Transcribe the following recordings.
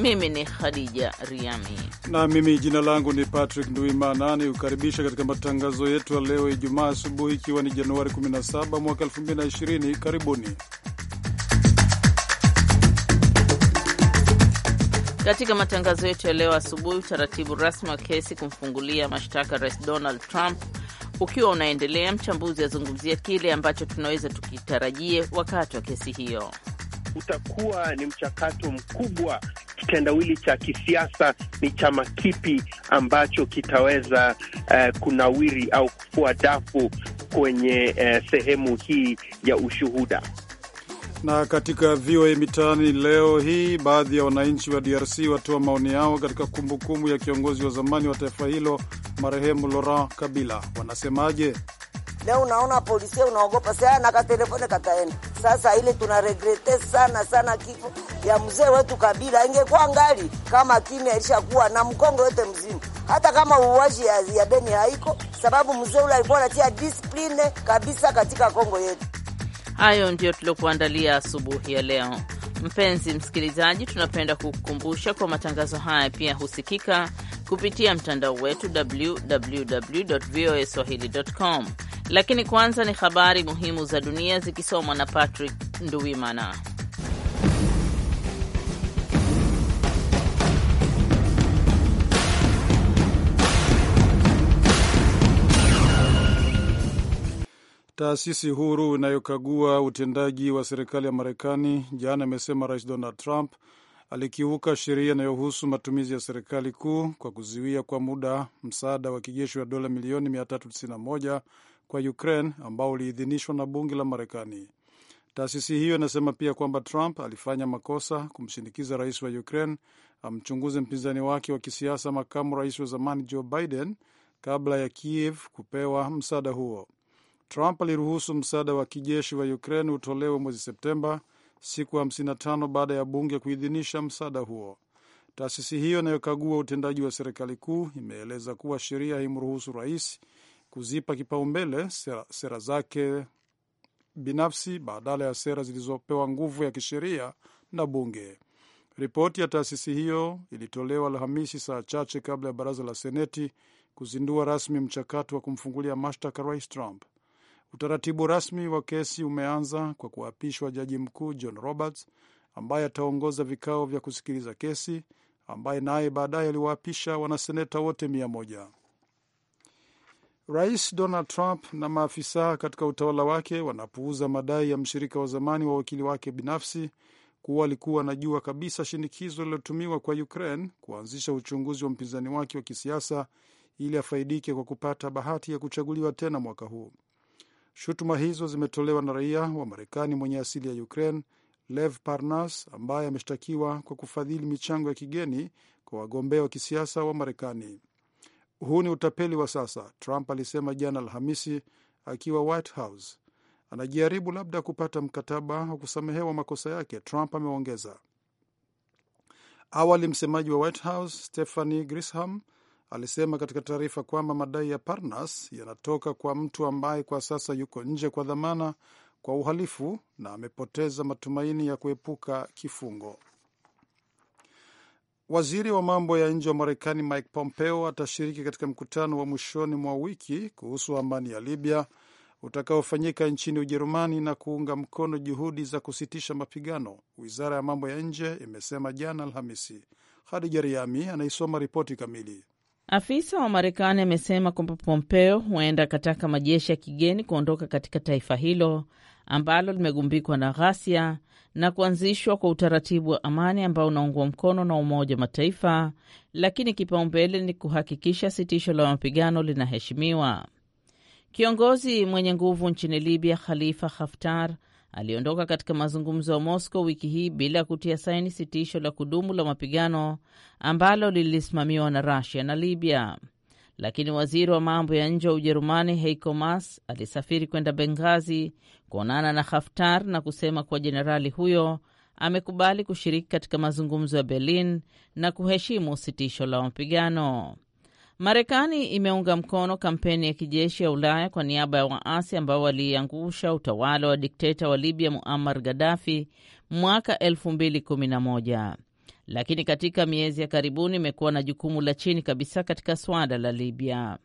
mimi ni Khadija Riami na mimi jina langu ni Patrick Nduimana, ni kukaribisha katika matangazo yetu ya leo Ijumaa asubuhi, ikiwa ni Januari 17 mwaka 2020. Karibuni katika matangazo yetu ya leo asubuhi. Utaratibu rasmi wa kesi kumfungulia mashtaka Rais Donald Trump ukiwa unaendelea, mchambuzi azungumzia kile ambacho tunaweza tukitarajie wakati wa kesi hiyo utakuwa ni mchakato mkubwa. Kitendawili cha kisiasa ni chama kipi ambacho kitaweza uh, kunawiri au kufua dafu kwenye uh, sehemu hii ya ushuhuda. Na katika VOA Mitaani leo hii, baadhi ya wananchi wa DRC watoa maoni yao katika kumbukumbu kumbu ya kiongozi wa zamani wa taifa hilo marehemu Laurent Kabila. Wanasemaje? Leo unaona polisi unaogopa sana, katelefone kataenda sasa ile tuna regrete sana sana kifo ya mzee wetu Kabila. Ingekuwa ngali kama kimya ilishakuwa na mkongo yote mzima, hata kama uwaji ya, ya deni haiko, sababu mzee ule alikuwa anatia discipline kabisa katika Kongo yetu. Hayo ndiyo tuliokuandalia asubuhi ya leo. Mpenzi msikilizaji, tunapenda kukukumbusha kwa matangazo haya pia husikika kupitia mtandao wetu www voa swahili com lakini kwanza ni habari muhimu za dunia zikisomwa na Patrick Nduwimana. Taasisi huru inayokagua utendaji wa serikali ya Marekani jana amesema Rais Donald Trump alikiuka sheria inayohusu matumizi ya serikali kuu kwa kuzuia kwa muda msaada wa kijeshi wa dola milioni kwa Ukraine ambao uliidhinishwa na bunge la Marekani. Taasisi hiyo inasema pia kwamba Trump alifanya makosa kumshinikiza rais wa Ukraine amchunguze mpinzani wake wa kisiasa, makamu rais wa zamani Joe Biden, kabla ya Kiev kupewa msaada huo. Trump aliruhusu msaada wa kijeshi wa Ukraine utolewe mwezi Septemba, siku 55 baada ya bunge kuidhinisha msaada huo. Taasisi hiyo inayokagua utendaji wa serikali kuu imeeleza kuwa sheria haimruhusu rais kuzipa kipaumbele sera, sera zake binafsi badala ya sera zilizopewa nguvu ya kisheria na bunge. Ripoti ya taasisi hiyo ilitolewa Alhamisi saa chache kabla ya baraza la Seneti kuzindua rasmi mchakato wa kumfungulia mashtaka Rais Trump. Utaratibu rasmi wa kesi umeanza kwa kuapishwa Jaji Mkuu John Roberts ambaye ataongoza vikao vya kusikiliza kesi, ambaye naye baadaye aliwaapisha wanaseneta wote mia moja. Rais Donald Trump na maafisa katika utawala wake wanapuuza madai ya mshirika wa zamani wa wakili wake binafsi kuwa alikuwa anajua kabisa shinikizo lililotumiwa kwa Ukraine kuanzisha uchunguzi wa mpinzani wake wa kisiasa ili afaidike kwa kupata bahati ya kuchaguliwa tena mwaka huu. Shutuma hizo zimetolewa na raia wa Marekani mwenye asili ya Ukraine Lev Parnas ambaye ameshtakiwa kwa kufadhili michango ya kigeni kwa wagombea wa kisiasa wa Marekani huu ni utapeli wa sasa, Trump alisema jana Alhamisi akiwa White House. Anajaribu labda kupata mkataba wa kusamehewa makosa yake, Trump ameongeza. Awali msemaji wa White House Stephanie Grisham alisema katika taarifa kwamba madai ya Parnas yanatoka kwa mtu ambaye kwa sasa yuko nje kwa dhamana kwa uhalifu na amepoteza matumaini ya kuepuka kifungo. Waziri wa mambo ya nje wa Marekani Mike Pompeo atashiriki katika mkutano wa mwishoni mwa wiki kuhusu amani ya Libya utakaofanyika nchini Ujerumani na kuunga mkono juhudi za kusitisha mapigano, wizara ya mambo ya nje imesema jana Alhamisi. Hadija Riami anaisoma ripoti kamili. Afisa wa Marekani amesema kwamba Pompeo huenda akataka majeshi ya kigeni kuondoka katika taifa hilo ambalo limegumbikwa na ghasia na kuanzishwa kwa utaratibu wa amani ambao unaungwa mkono na Umoja wa Mataifa, lakini kipaumbele ni kuhakikisha sitisho la mapigano linaheshimiwa. Kiongozi mwenye nguvu nchini Libya, Khalifa Haftar, aliondoka katika mazungumzo ya Moscow wiki hii bila ya kutia saini sitisho la kudumu la mapigano ambalo lilisimamiwa na rusia na Libya lakini waziri wa mambo ya nje wa Ujerumani Heiko Maas alisafiri kwenda Benghazi kuonana na Haftar na kusema kuwa jenerali huyo amekubali kushiriki katika mazungumzo ya Berlin na kuheshimu sitisho la mapigano. Marekani imeunga mkono kampeni ya kijeshi ya Ulaya kwa niaba ya waasi ambao waliangusha utawala wa dikteta wa Libya Muammar Gaddafi mwaka 2011 lakini katika miezi ya karibuni imekuwa na jukumu la chini kabisa katika swada la Libya.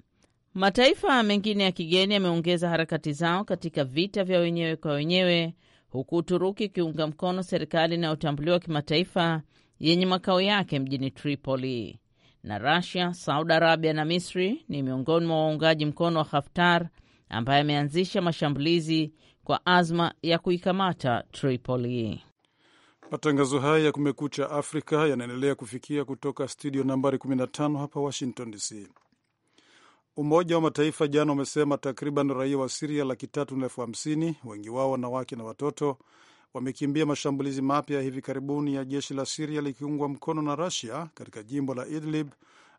Mataifa mengine ya kigeni yameongeza harakati zao katika vita vya wenyewe kwa wenyewe, huku Uturuki ikiunga mkono serikali inayotambuliwa kimataifa yenye makao yake mjini Tripoli, na Rasia, Saudi Arabia na Misri ni miongoni mwa waungaji mkono wa Haftar ambaye ameanzisha mashambulizi kwa azma ya kuikamata Tripoli. Matangazo haya ya Kumekucha Afrika yanaendelea kufikia kutoka studio nambari 15 hapa Washington DC. Umoja wa Mataifa jana umesema takriban raia wa Siria laki tatu na elfu hamsini, wengi wao wanawake na watoto, wamekimbia mashambulizi mapya ya hivi karibuni ya jeshi la Siria likiungwa mkono na Rusia katika jimbo la Idlib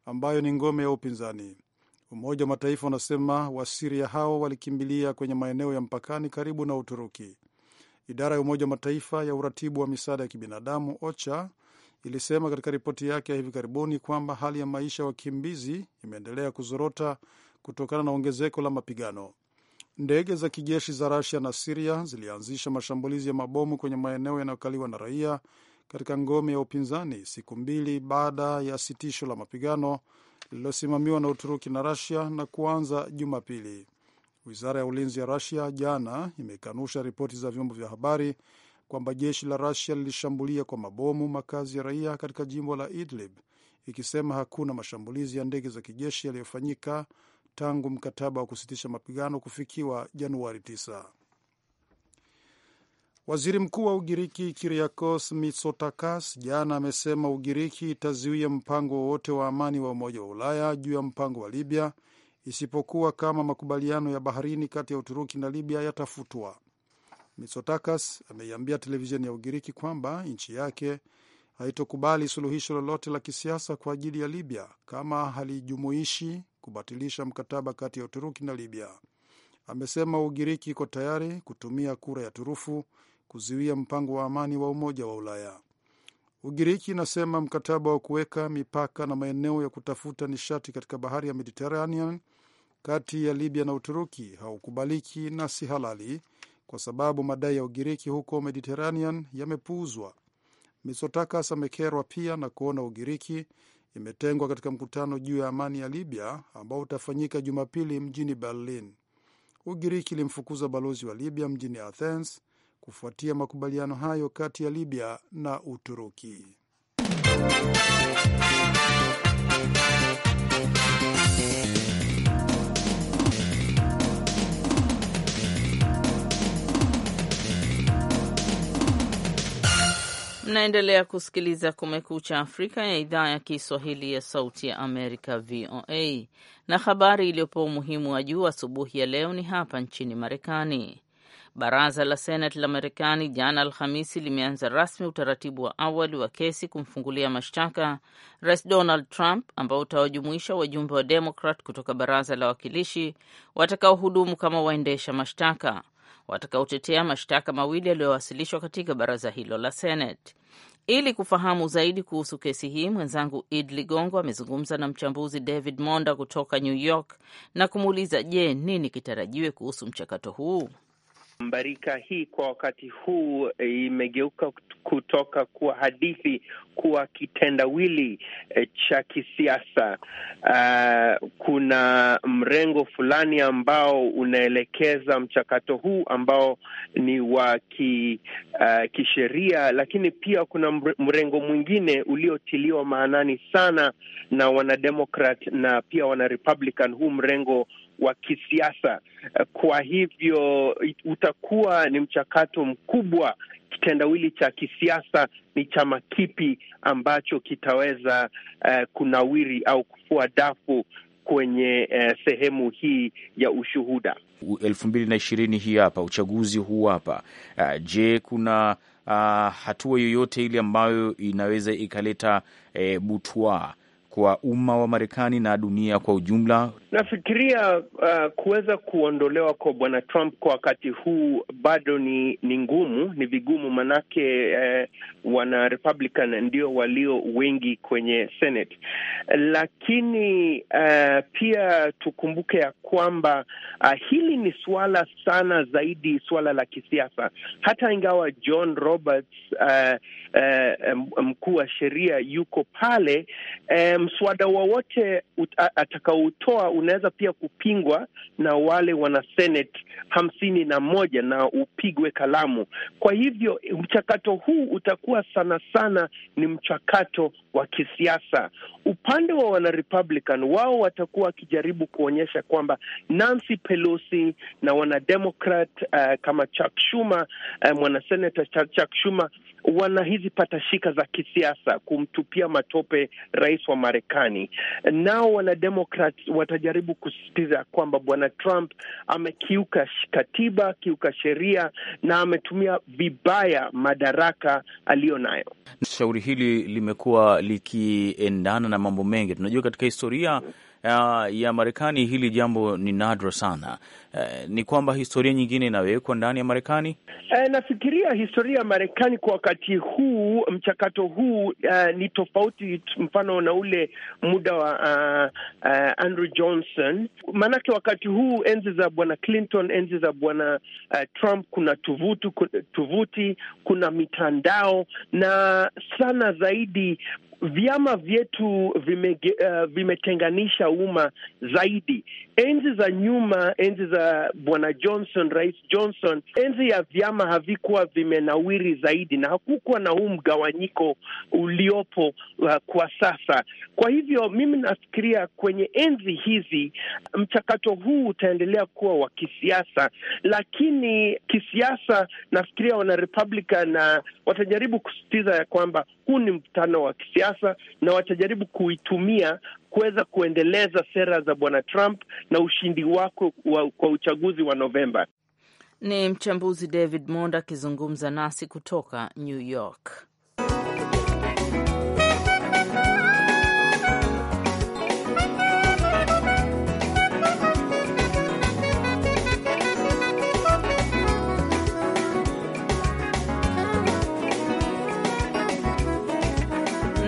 ambayo ni ngome ya upinzani. Umoja wa Mataifa unasema Wasiria hao walikimbilia kwenye maeneo ya mpakani karibu na Uturuki. Idara ya Umoja wa Mataifa ya uratibu wa misaada ya kibinadamu OCHA ilisema katika ripoti yake ya hivi karibuni kwamba hali ya maisha ya wakimbizi imeendelea kuzorota kutokana na ongezeko la mapigano. Ndege za kijeshi za Rusia na Siria zilianzisha mashambulizi ya mabomu kwenye maeneo yanayokaliwa na raia katika ngome ya upinzani siku mbili baada ya sitisho la mapigano lililosimamiwa na Uturuki na Rusia na kuanza Jumapili. Wizara ya ulinzi ya Rusia jana imekanusha ripoti za vyombo vya habari kwamba jeshi la Rusia lilishambulia kwa mabomu makazi ya raia katika jimbo la Idlib, ikisema hakuna mashambulizi ya ndege za kijeshi yaliyofanyika tangu mkataba wa kusitisha mapigano kufikiwa Januari 9. Waziri Mkuu wa Ugiriki Kiriakos Mitsotakas jana amesema Ugiriki itazuia mpango wowote wa amani wa Umoja wa Ulaya juu ya mpango wa Libya isipokuwa kama makubaliano ya baharini kati ya Uturuki na Libya yatafutwa. Mitsotakas ameiambia televisheni ya Ugiriki kwamba nchi yake haitokubali suluhisho lolote la kisiasa kwa ajili ya Libya kama halijumuishi kubatilisha mkataba kati ya Uturuki na Libya. Amesema Ugiriki iko tayari kutumia kura ya turufu kuzuia mpango wa amani wa Umoja wa Ulaya. Ugiriki inasema mkataba wa kuweka mipaka na maeneo ya kutafuta nishati katika bahari ya Mediterranean kati ya Libya na Uturuki haukubaliki na si halali kwa sababu madai ya Ugiriki huko Mediterranean yamepuuzwa. misotakas amekerwa pia na kuona Ugiriki imetengwa katika mkutano juu ya amani ya Libya ambao utafanyika Jumapili mjini Berlin. Ugiriki ilimfukuza balozi wa Libya mjini Athens kufuatia makubaliano hayo kati ya Libya na Uturuki. Mnaendelea kusikiliza Kumekucha Afrika ya idhaa ya Kiswahili ya Sauti ya Amerika, VOA. Na habari iliyopewa umuhimu wa juu asubuhi ya leo ni hapa nchini Marekani. Baraza la Senati la Marekani jana Alhamisi limeanza rasmi utaratibu wa awali wa kesi kumfungulia mashtaka Rais Donald Trump ambao utawajumuisha wajumbe wa Demokrat kutoka Baraza la Wawakilishi watakaohudumu kama waendesha mashtaka watakaotetea mashtaka mawili yaliyowasilishwa katika baraza hilo la senate Ili kufahamu zaidi kuhusu kesi hii, mwenzangu Id Ligongo amezungumza na mchambuzi David Monda kutoka New York na kumuuliza, je, nini kitarajiwe kuhusu mchakato huu? Mbarika hii kwa wakati huu e, imegeuka kutoka kuwa hadithi kuwa kitendawili e, cha kisiasa. Uh, kuna mrengo fulani ambao unaelekeza mchakato huu ambao ni wa ki, uh, kisheria, lakini pia kuna mrengo mwingine uliotiliwa maanani sana na wanademokrat na pia wanarepublican, huu mrengo wa kisiasa. Kwa hivyo utakuwa ni mchakato mkubwa, kitendawili cha kisiasa ni chama kipi ambacho kitaweza uh, kunawiri au kufua dafu kwenye uh, sehemu hii ya ushuhuda elfu mbili na ishirini hii hapa uchaguzi huu hapa. Uh, je, kuna uh, hatua yoyote ile ambayo inaweza ikaleta uh, eh, butwaa kwa umma wa Marekani na dunia kwa ujumla? Nafikiria uh, kuweza kuondolewa kwa bwana Trump kwa wakati huu bado ni ni ngumu, ni vigumu, manake eh, wana Republican ndio walio wengi kwenye Senate, lakini uh, pia tukumbuke ya kwamba uh, hili ni suala sana zaidi suala la kisiasa, hata ingawa John Roberts uh, uh, mkuu wa sheria yuko pale um, mswada wowote atakaotoa unaweza pia kupingwa na wale wana senate hamsini na moja na upigwe kalamu. Kwa hivyo mchakato huu utakuwa sana sana ni mchakato wa kisiasa. Upande wa wana Republican, wao watakuwa wakijaribu kuonyesha kwamba Nancy Pelosi na wanademokrat uh, eh, kama Chuck Schumer uh, eh, mwanasenata Chuck Schumer wana hizi patashika za kisiasa kumtupia matope rais wa Marekani. Nao wanademokrat watajaribu kusisitiza kwamba bwana Trump amekiuka katiba, akiuka sheria na ametumia vibaya madaraka aliyo nayo. Shauri hili limekuwa likiendana na mambo mengi, tunajua katika historia uh, ya Marekani hili jambo ni nadra sana. Uh, ni kwamba historia nyingine inawekwa ndani ya Marekani. Uh, nafikiria historia ya Marekani kwa wakati huu, mchakato huu uh, ni tofauti mfano na ule muda wa uh, uh, Andrew Johnson, maanake wakati huu enzi za bwana Clinton, enzi za bwana uh, Trump, kuna tuvutu, kuna, tuvuti kuna mitandao na sana zaidi vyama vyetu vime, uh, eh, vimetenganisha umma zaidi Enzi za nyuma, enzi za bwana Johnson, rais Johnson, enzi ya vyama havikuwa vimenawiri zaidi na hakukuwa na huu mgawanyiko uliopo uh, kwa sasa. Kwa hivyo mimi nafikiria kwenye enzi hizi mchakato huu utaendelea kuwa wa kisiasa, lakini kisiasa, nafikiria wana Republican na watajaribu kusisitiza ya kwamba huu ni mkutano wa kisiasa na watajaribu kuitumia kuweza kuendeleza sera za bwana Trump na ushindi wako wa, kwa uchaguzi wa Novemba. Ni mchambuzi David Monda akizungumza nasi kutoka New York.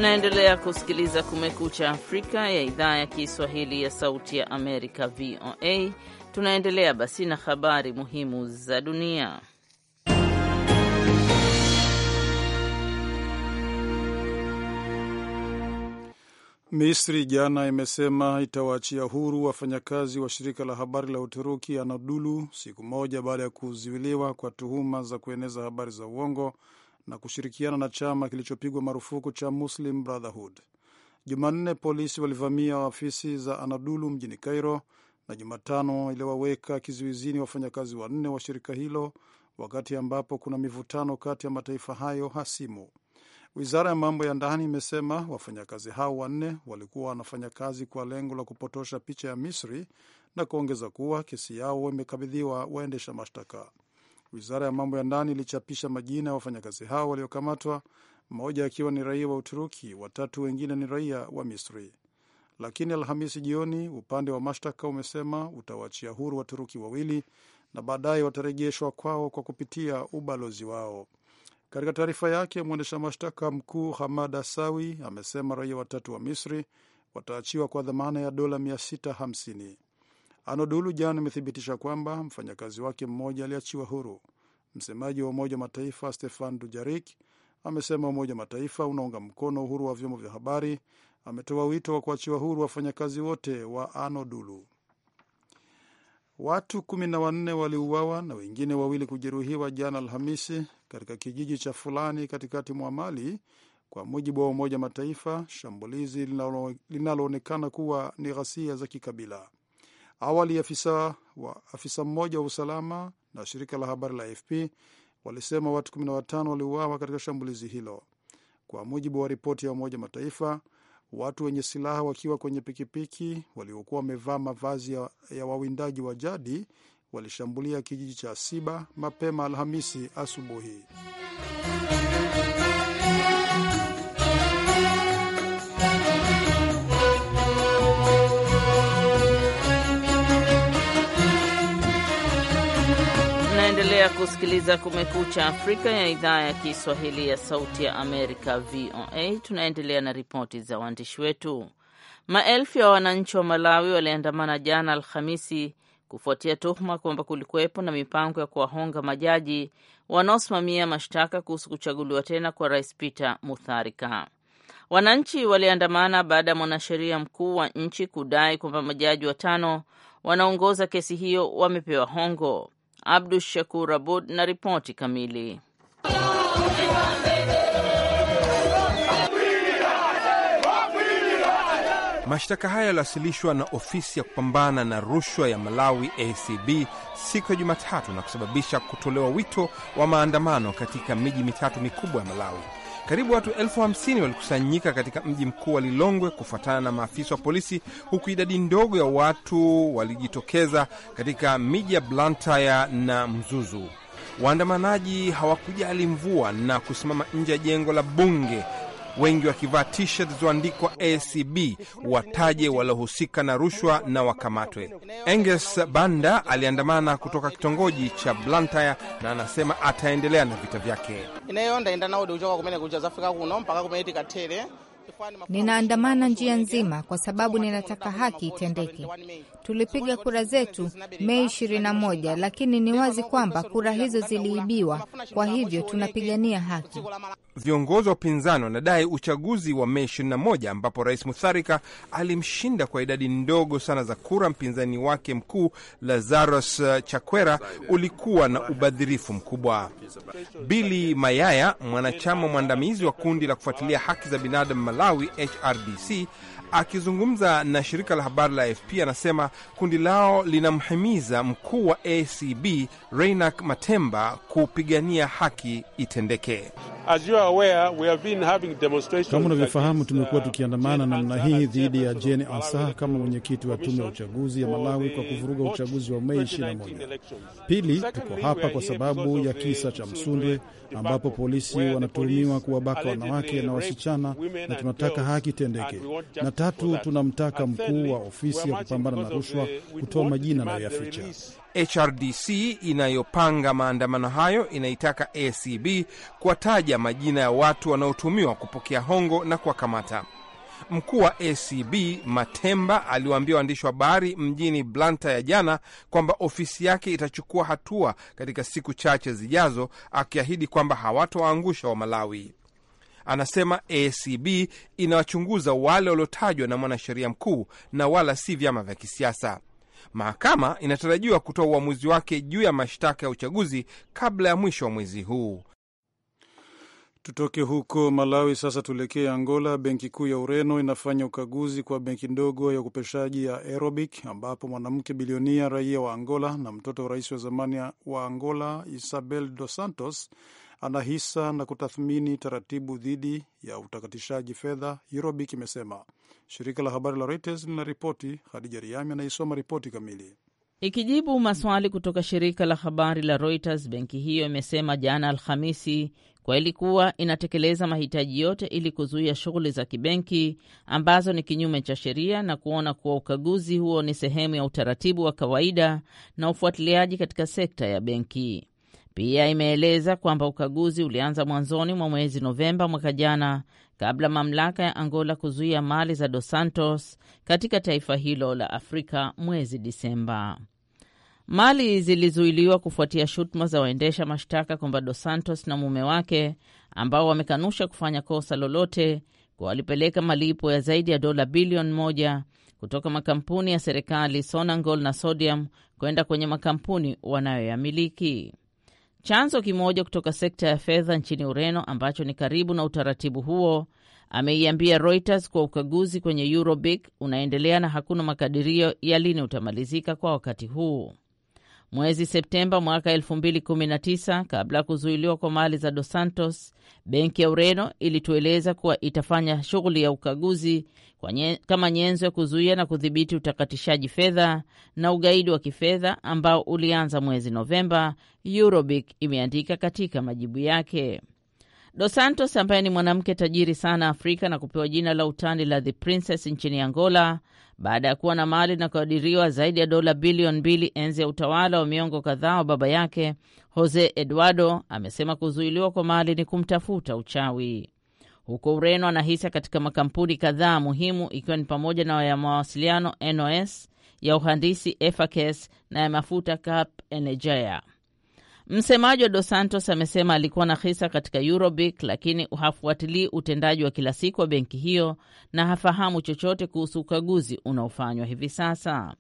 Mnaendelea kusikiliza Kumekucha Afrika ya idhaa ya Kiswahili ya Sauti ya Amerika, VOA. Tunaendelea basi na habari muhimu za dunia. Misri jana imesema itawaachia huru wafanyakazi wa shirika la habari la Uturuki Anadolu siku moja baada ya kuzuiliwa kwa tuhuma za kueneza habari za uongo na kushirikiana na chama kilichopigwa marufuku cha Muslim Brotherhood. Jumanne polisi walivamia ofisi za anadulu mjini Cairo na Jumatano iliwaweka kizuizini wafanyakazi wanne wa shirika hilo, wakati ambapo kuna mivutano kati ya mataifa hayo hasimu. Wizara ya mambo ya ndani imesema wafanyakazi hao wanne walikuwa wanafanya kazi kwa lengo la kupotosha picha ya Misri na kuongeza kuwa kesi yao imekabidhiwa waendesha mashtaka. Wizara ya mambo ya ndani ilichapisha majina ya wafanyakazi hao waliokamatwa, mmoja akiwa ni raia wa Uturuki, watatu wengine ni raia wa Misri. Lakini Alhamisi jioni upande wa mashtaka umesema utawaachia huru Waturuki wawili na baadaye watarejeshwa kwao kwa kupitia ubalozi wao. Katika taarifa yake, mwendesha mashtaka mkuu Hamad Asawi amesema raia watatu wa Misri wataachiwa kwa dhamana ya dola 650. Anodulu jana imethibitisha kwamba mfanyakazi wake mmoja aliachiwa huru. Msemaji wa Umoja wa Mataifa Stefan Dujarik amesema Umoja wa Mataifa unaunga mkono uhuru wa vyombo vya habari. Ametoa wito wa kuachiwa huru wafanyakazi wote wa Anodulu. Watu kumi na wanne waliuawa na wengine wawili kujeruhiwa jana Alhamisi katika kijiji cha Fulani katikati mwa Mali, kwa mujibu wa Umoja Mataifa, shambulizi linaloonekana kuwa ni ghasia za kikabila. Awali afisa wa afisa mmoja wa usalama na shirika la habari la AFP walisema watu 15 waliuawa katika shambulizi hilo. Kwa mujibu wa ripoti ya Umoja Mataifa, watu wenye silaha wakiwa kwenye pikipiki waliokuwa wamevaa mavazi ya, ya wawindaji wa jadi walishambulia kijiji cha Siba mapema Alhamisi asubuhi. Unaendelea kusikiliza Kumekucha Afrika ya idhaa ya Kiswahili ya Sauti ya Amerika, VOA. Tunaendelea na ripoti za waandishi wetu. Maelfu ya wananchi wa Malawi waliandamana jana Alhamisi kufuatia tuhuma kwamba kulikuwepo na mipango ya kuwahonga majaji wanaosimamia mashtaka kuhusu kuchaguliwa tena kwa Rais Peter Mutharika. Wananchi waliandamana baada ya mwanasheria mkuu wa nchi kudai kwamba majaji watano wanaongoza kesi hiyo wamepewa hongo. Abdu Shakur Abud na ripoti kamili. Mashtaka haya yaliwasilishwa na ofisi ya kupambana na rushwa ya Malawi, ACB, siku ya Jumatatu na kusababisha kutolewa wito wa maandamano katika miji mitatu mikubwa ya Malawi. Karibu watu elfu hamsini walikusanyika katika mji mkuu wa Lilongwe kufuatana na maafisa wa polisi, huku idadi ndogo ya watu walijitokeza katika miji ya Blantyre na Mzuzu. Waandamanaji hawakujali mvua na kusimama nje ya jengo la bunge wengi wakivaa tshirt shirt zilizoandikwa ACB, wataje waliohusika na rushwa na wakamatwe. Angus Banda aliandamana kutoka kitongoji cha Blantyre na anasema ataendelea na vita vyake. Ninaandamana njia nzima kwa sababu ninataka haki itendeke. Tulipiga kura zetu Mei 21, lakini ni wazi kwamba kura hizo ziliibiwa. Kwa hivyo tunapigania haki. Viongozi wa upinzani wanadai uchaguzi wa Mei 21 ambapo Rais Mutharika alimshinda kwa idadi ndogo sana za kura mpinzani wake mkuu Lazarus uh, Chakwera ulikuwa na ubadhirifu mkubwa. Bili Mayaya, mwanachama mwandamizi wa kundi la kufuatilia haki za binadamu Malawi, HRDC, akizungumza na shirika la habari la AFP anasema kundi lao linamhimiza mkuu wa ACB Reinak Matemba kupigania haki itendeke. Kama unavyofahamu, tumekuwa uh, tukiandamana namna hii dhidi ya Jane Asah kama mwenyekiti wa tume ya uchaguzi ya Malawi kwa kuvuruga uchaguzi wa Mei 21. Pili, tuko hapa kwa sababu ya kisa cha Msundwe ambapo polisi wanatuhumiwa kuwabaka wanawake na wasichana, na tunataka haki itendeke. Na tatu, tunamtaka mkuu wa ofisi ya kupambana na rushwa kutoa majina na yaficha. HRDC inayopanga maandamano hayo inaitaka ACB kuwataja majina ya watu wanaotumiwa kupokea hongo na kuwakamata. Mkuu wa ACB Matemba aliwaambia waandishi wa habari mjini Blanta ya jana kwamba ofisi yake itachukua hatua katika siku chache zijazo, akiahidi kwamba hawatowaangusha wa Malawi. Anasema ACB inawachunguza wale waliotajwa na mwanasheria mkuu na wala si vyama vya kisiasa. Mahakama inatarajiwa kutoa uamuzi wake juu ya mashtaka ya uchaguzi kabla ya mwisho wa mwezi huu. Tutoke huko Malawi sasa, tuelekee Angola. Benki Kuu ya Ureno inafanya ukaguzi kwa benki ndogo ya ukopeshaji ya Aerobic, ambapo mwanamke bilionia raia wa Angola na mtoto wa rais wa zamani wa Angola Isabel Dos Santos ana hisa na kutathmini taratibu dhidi ya utakatishaji fedha, Eurobic imesema. Shirika la habari la Reuters ripoti Hadija Riami anaisoma ripoti kamili. Ikijibu maswali kutoka shirika la habari la Reuters, benki hiyo imesema jana Alhamisi kwa ilikuwa inatekeleza mahitaji yote ili kuzuia shughuli za kibenki ambazo ni kinyume cha sheria na kuona kuwa ukaguzi huo ni sehemu ya utaratibu wa kawaida na ufuatiliaji katika sekta ya benki. Pia imeeleza kwamba ukaguzi ulianza mwanzoni mwa mwezi Novemba mwaka jana kabla mamlaka ya Angola kuzuia mali za Dos Santos katika taifa hilo la Afrika mwezi Disemba. Mali zilizuiliwa kufuatia shutuma za waendesha mashtaka kwamba Dos Santos na mume wake ambao wamekanusha kufanya kosa lolote kwa walipeleka malipo ya zaidi ya dola bilioni moja kutoka makampuni ya serikali Sonangol na Sodium kwenda kwenye makampuni wanayoyamiliki. Chanzo kimoja kutoka sekta ya fedha nchini Ureno ambacho ni karibu na utaratibu huo ameiambia Reuters kuwa ukaguzi kwenye Eurobic unaendelea na hakuna makadirio ya lini utamalizika kwa wakati huu. Mwezi Septemba mwaka 2019, kabla ya kuzuiliwa kwa mali za Dos Santos, benki ya Ureno ilitueleza kuwa itafanya shughuli ya ukaguzi nye, kama nyenzo ya kuzuia na kudhibiti utakatishaji fedha na ugaidi wa kifedha ambao ulianza mwezi Novemba, Eurobic imeandika katika majibu yake. Dos Santos ambaye ni mwanamke tajiri sana Afrika na kupewa jina la utani la The Princess nchini Angola baada ya kuwa na mali kuadiriwa zaidi ya dola bilioni mbili enzi ya utawala wa miongo kadhaa wa baba yake. Jose Eduardo amesema kuzuiliwa kwa mali ni kumtafuta uchawi. Huko Ureno ana hisa katika makampuni kadhaa muhimu, ikiwa ni pamoja na ya mawasiliano NOS, ya uhandisi EFACES na ya mafuta Cap Energia. Msemaji wa Dos Santos amesema alikuwa na hisa katika Eurobic, lakini hafuatilii utendaji wa kila siku wa benki hiyo na hafahamu chochote kuhusu ukaguzi unaofanywa hivi sasa.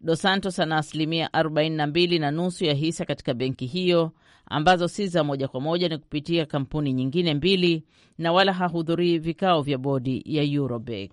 Dos Santos ana asilimia 42 na nusu ya hisa katika benki hiyo ambazo si za moja kwa moja, ni kupitia kampuni nyingine mbili, na wala hahudhurii vikao vya bodi ya Eurobic.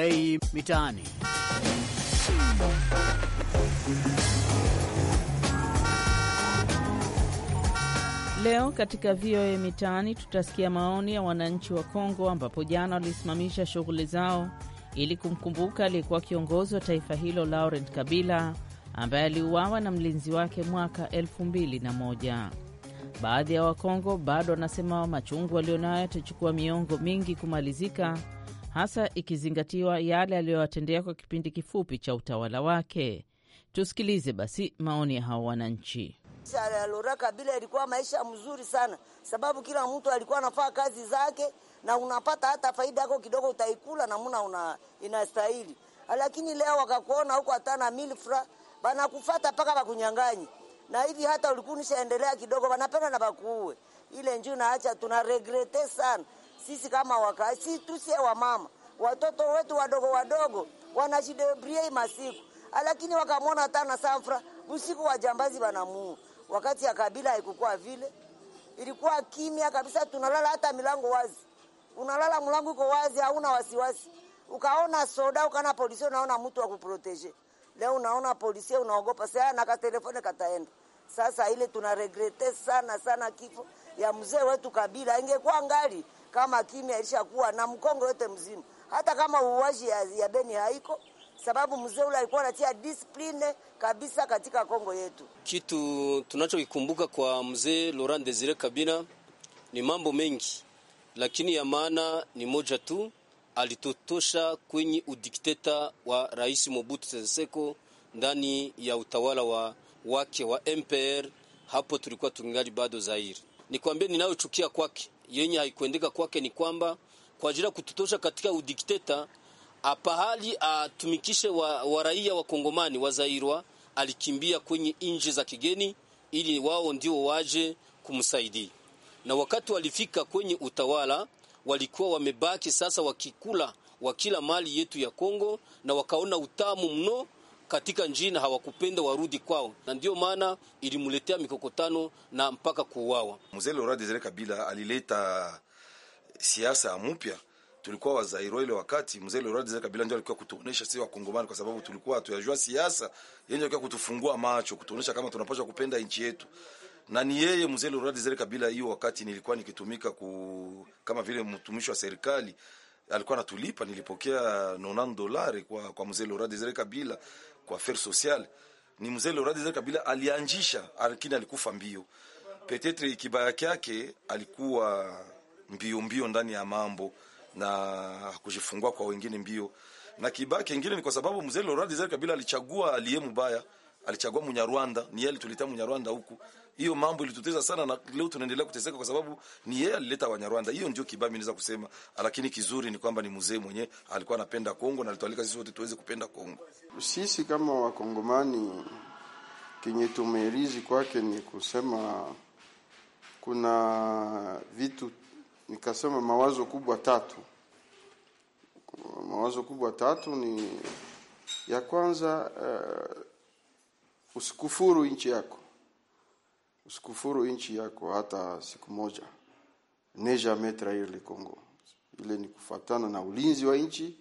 VOA Mitaani. Leo katika VOA Mitaani tutasikia maoni ya wananchi wa Kongo ambapo jana walisimamisha shughuli zao ili kumkumbuka aliyekuwa kiongozi wa taifa hilo Laurent Kabila ambaye aliuawa na mlinzi wake mwaka moja. Baadhi ya Wakongo bado wanasema machungu walionayo yatachukua miongo mingi kumalizika hasa ikizingatiwa yale aliyowatendea kwa kipindi kifupi cha utawala wake. Tusikilize basi maoni ya hawa wananchi. Laurent Kabila ilikuwa maisha mzuri sana, sababu kila mtu alikuwa anafaa kazi zake, na unapata hata faida yako kidogo utaikula namuna una inastahili. Lakini leo wakakuona huko hatana milfra, banakufata mpaka bakunyanganyi, na hivi hata ulikunishaendelea kidogo, banapenda na bakuue ile njuu. Naacha tunaregrete sana sisi kama wakazi tusie mama, watoto wetu wadogo wadogo wanashidebrie masiku, ah, lakini wakamwona hata na safra usiku wa jambazi wanamua. Wakati ya kabila haikukua vile, ilikuwa kimya kabisa, tunalala hata milango wazi, unalala mlango uko wazi, hauna wasiwasi. Ukaona soda, ukaona polisi, unaona mtu wa kuproteje. Leo unaona polisi unaogopa, sasa na ka telefone kataenda. Sasa ile tunaregrete sana sana kifo ya mzee wetu Kabila, ingekuwa ngali kama kimya ilishakuwa na mkongo yote mzima, hata kama uwashi ya, ya beni haiko sababu mzee ule alikuwa anatia discipline kabisa katika Kongo yetu. Kitu tunachokikumbuka kwa mzee Laurent Desire Kabila ni mambo mengi, lakini ya maana ni moja tu, alitotosha kwenye udikteta wa Rais Mobutu Sese Seko ndani ya utawala wa wake wa MPR. Hapo tulikuwa tungali bado Zaire. Nikwambie ninayochukia kwake yenye haikuendeka kwake ni kwamba kwa ajili ya kututosha katika udikteta apahali atumikishe wa, wa raia wa Kongomani wazairwa alikimbia kwenye nchi za kigeni ili wao ndio waje kumsaidia, na wakati walifika kwenye utawala walikuwa wamebaki sasa wakikula wakila mali yetu ya Kongo, na wakaona utamu mno katika nchi na hawakupenda warudi kwao, na ndiyo maana ilimletea mikokotano na mpaka kuuawa. Mzee Laurent Desire Kabila alileta siasa mpya tulikuwa wazairo ile wakati mzee Laurent Desire Kabila ndio alikuwa kutuonesha sisi Wakongomani, kwa sababu tulikuwa hatuyajua siasa. Yeye ndio kutufungua macho, kutuonesha kama tunapaswa kupenda nchi yetu, na ni yeye mzee Laurent Desire Kabila. Hiyo wakati nilikuwa nikitumika ku, kama vile mtumishi wa serikali, alikuwa anatulipa, nilipokea 90 dolari kwa, kwa mzee Laurent Desire Kabila, kwa affaires sociales ni mzee Laurent Desire Kabila alianzisha, lakini alikufa mbio. Petetre kibaya kyake alikuwa mbio mbio ndani ya mambo na kujifungua kwa wengine mbio, na kibaya kingine ni kwa sababu mzee Laurent Desire Kabila alichagua aliye mubaya alichagua Munyarwanda, ni yeye alituleta Munyarwanda huku. Hiyo mambo ilituteza sana, na leo tunaendelea kuteseka kwa sababu ni yeye alileta Wanyarwanda. Hiyo ndio kibabi naweza kusema, lakini kizuri ni kwamba ni mzee mwenyewe alikuwa anapenda Kongo na alitualika sisi wote tuweze kupenda Kongo. Sisi kama Wakongomani, kenye tumeerizi kwake ni kusema kuna vitu nikasema mawazo kubwa tatu, mawazo kubwa tatu ni ya kwanza uh, usikufuru nchi yako usikufuru nchi yako hata siku moja neja metrair le Congo ile ni kufatana na ulinzi wa nchi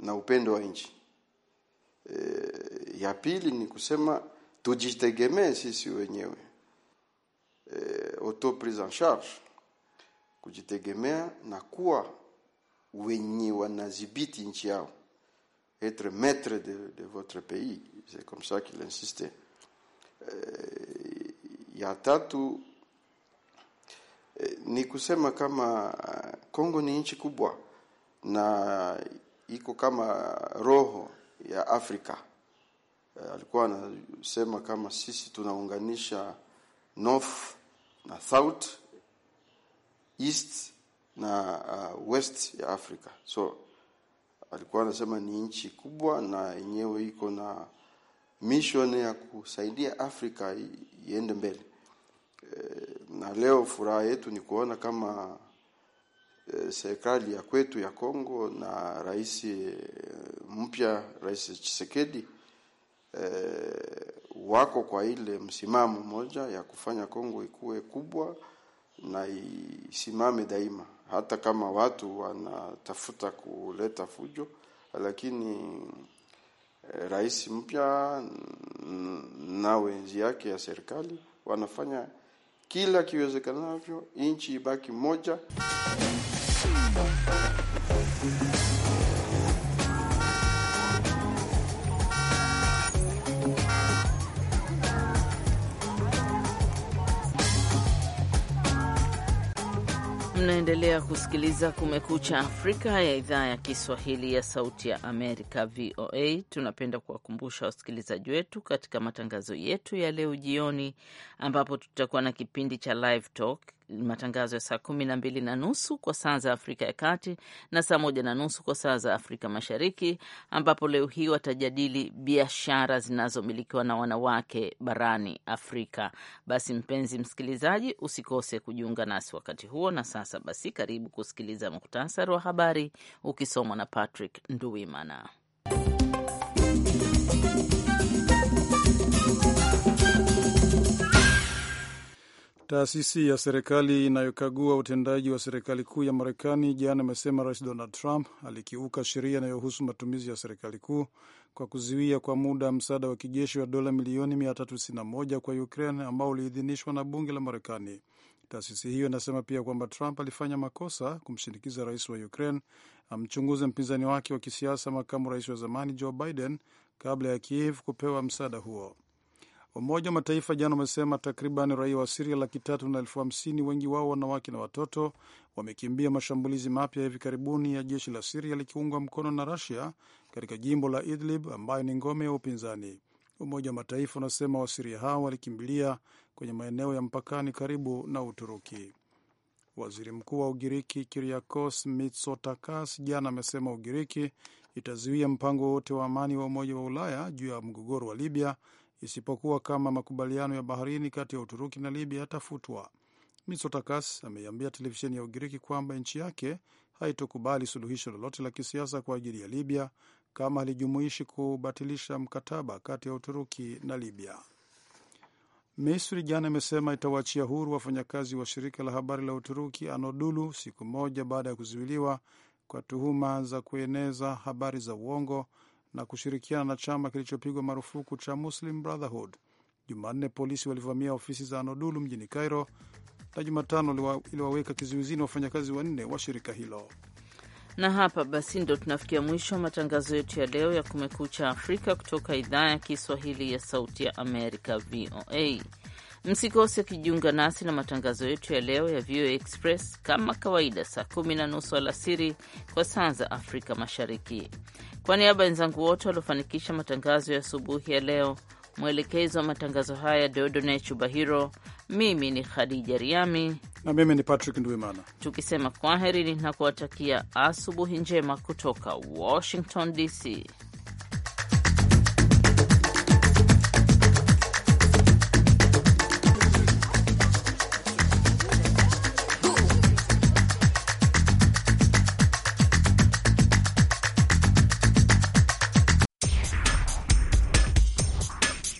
na upendo wa nchi e, ya pili ni kusema tujitegemee sisi wenyewe e, auto prise en charge kujitegemea na kuwa wenye wanadhibiti nchi yao être maître de, de votre pays. C'est comme ça qu'il insistait. Euh, ya tatu euh, ni kusema kama Congo euh, ni nchi kubwa na iko kama roho ya Afrika. Alikuwa anasema kama sisi tunaunganisha north na south, east na uh, west ya Afrika. So alikuwa anasema ni nchi kubwa na yenyewe iko na mission ya kusaidia Afrika iende mbele. E, na leo furaha yetu ni kuona kama e, serikali ya kwetu ya Kongo na rais e, mpya Rais Tshisekedi e, wako kwa ile msimamo moja ya kufanya Kongo ikuwe kubwa na isimame daima, hata kama watu wanatafuta kuleta fujo, lakini eh, rais mpya na wenzi yake ya serikali wanafanya kila kiwezekanavyo nchi ibaki moja. Unaendelea kusikiliza Kumekucha Afrika ya idhaa ya Kiswahili ya Sauti ya Amerika, VOA. Tunapenda kuwakumbusha wasikilizaji wetu katika matangazo yetu ya leo jioni, ambapo tutakuwa na kipindi cha Live Talk matangazo ya saa kumi na mbili na nusu kwa saa za Afrika ya Kati na saa moja na nusu kwa saa za Afrika Mashariki, ambapo leo hii watajadili biashara zinazomilikiwa na wanawake barani Afrika. Basi mpenzi msikilizaji, usikose kujiunga nasi wakati huo. Na sasa basi, karibu kusikiliza muhtasari wa habari ukisomwa na Patrick Nduwimana. Taasisi ya serikali inayokagua utendaji wa serikali kuu ya Marekani jana imesema Rais Donald Trump alikiuka sheria inayohusu matumizi ya serikali kuu kwa kuzuia kwa muda msaada wa kijeshi wa dola milioni 361 kwa Ukraine ambao uliidhinishwa na bunge la Marekani. Taasisi hiyo inasema pia kwamba Trump alifanya makosa kumshinikiza rais wa Ukraine amchunguze mpinzani wake wa kisiasa, makamu rais wa zamani Joe Biden, kabla ya Kiev kupewa msaada huo. Umoja wa Mataifa jana umesema takriban raia wa Siria laki tatu na elfu hamsini, wengi wao wanawake na watoto, wamekimbia mashambulizi mapya hivi karibuni ya jeshi la Siria likiungwa mkono na Rusia katika jimbo la Idlib ambayo ni ngome ya upinzani. Umoja wa Mataifa unasema Wasiria hao walikimbilia kwenye maeneo ya mpakani karibu na Uturuki. Waziri mkuu wa Ugiriki kiriakos Mitsotakas jana amesema Ugiriki itazuia mpango wote wa amani wa Umoja wa Ulaya juu ya mgogoro wa Libya isipokuwa kama makubaliano ya baharini kati ya Uturuki na Libya yatafutwa. Mitsotakas ameiambia televisheni ya Ugiriki kwamba nchi yake haitokubali suluhisho lolote la kisiasa kwa ajili ya Libya kama halijumuishi kubatilisha mkataba kati ya Uturuki na Libya. Misri jana imesema itawaachia huru wafanyakazi wa shirika la habari la Uturuki Anadolu siku moja baada ya kuzuiliwa kwa tuhuma za kueneza habari za uongo na kushirikiana na chama kilichopigwa marufuku cha Muslim Brotherhood. Jumanne polisi walivamia ofisi za Anodulu mjini Cairo na Jumatano iliwaweka kizuizini wafanyakazi wanne wa shirika hilo. Na hapa basi ndo tunafikia mwisho wa matangazo yetu ya leo ya Kumekucha Afrika kutoka idhaa ya Kiswahili ya Sauti ya Amerika, VOA. Msikose kujiunga nasi na matangazo yetu ya leo ya VOA Express kama kawaida, saa kumi na nusu alasiri kwa saa za Afrika Mashariki. Kwa niaba ya wenzangu wote waliofanikisha matangazo ya asubuhi ya leo, mwelekezi wa matangazo haya Deodone Chubahiro, mimi ni Khadija Riami na mimi ni Patrick Ndwimana, tukisema kwaherini na kuwatakia asubuhi njema kutoka Washington DC.